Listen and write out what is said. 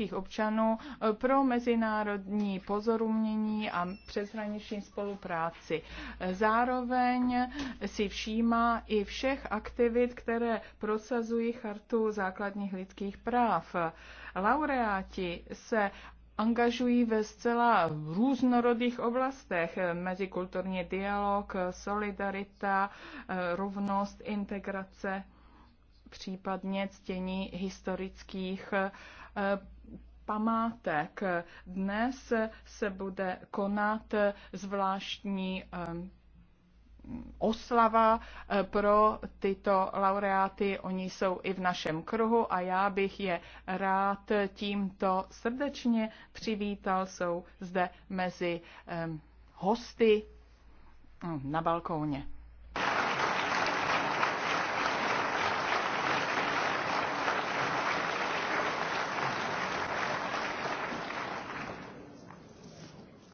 českých občanů eh, pro mezinárodní pozorumění a přeshraniční spolupráci. Eh, Zároveň si všímá i všech aktivit, které prosazují chartu základních lidských práv. Laureáti se angažují ve zcela různorodých oblastech. Eh, mezikulturní dialog, solidarita, rovnost, integrace případně ctění historických eh, památek. Dnes se bude konat zvláštní eh, oslava eh, pro tyto laureáty. Oni jsou i v našem kruhu a já bych je rád tímto srdečně přivítal. Jsou zde mezi hosty no, na balkóně.